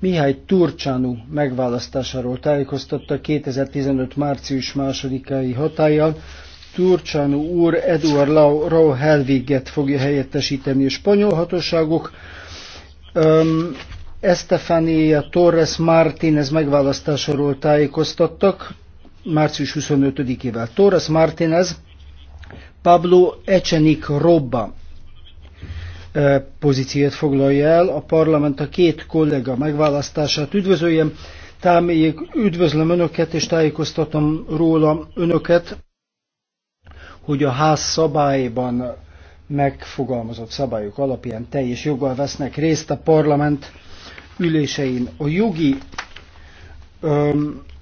Mihály Turcsánú megválasztásáról tájékoztatta 2015. március 2-i hatállyal. Turcsánú úr Eduard Lau, Rau Helviget fogja helyettesíteni a spanyol hatóságok. Um, Estefania Torres Martínez megválasztásáról tájékoztattak március 25-ével. Torres Martínez Pablo Echenik Robba E, pozíciót foglalja el. A parlament a két kollega megválasztását üdvözöljem. Támélyék, üdvözlöm Önöket, és tájékoztatom róla Önöket, hogy a ház szabályban megfogalmazott szabályok alapján teljes joggal vesznek részt a parlament ülésein. A jogi öm,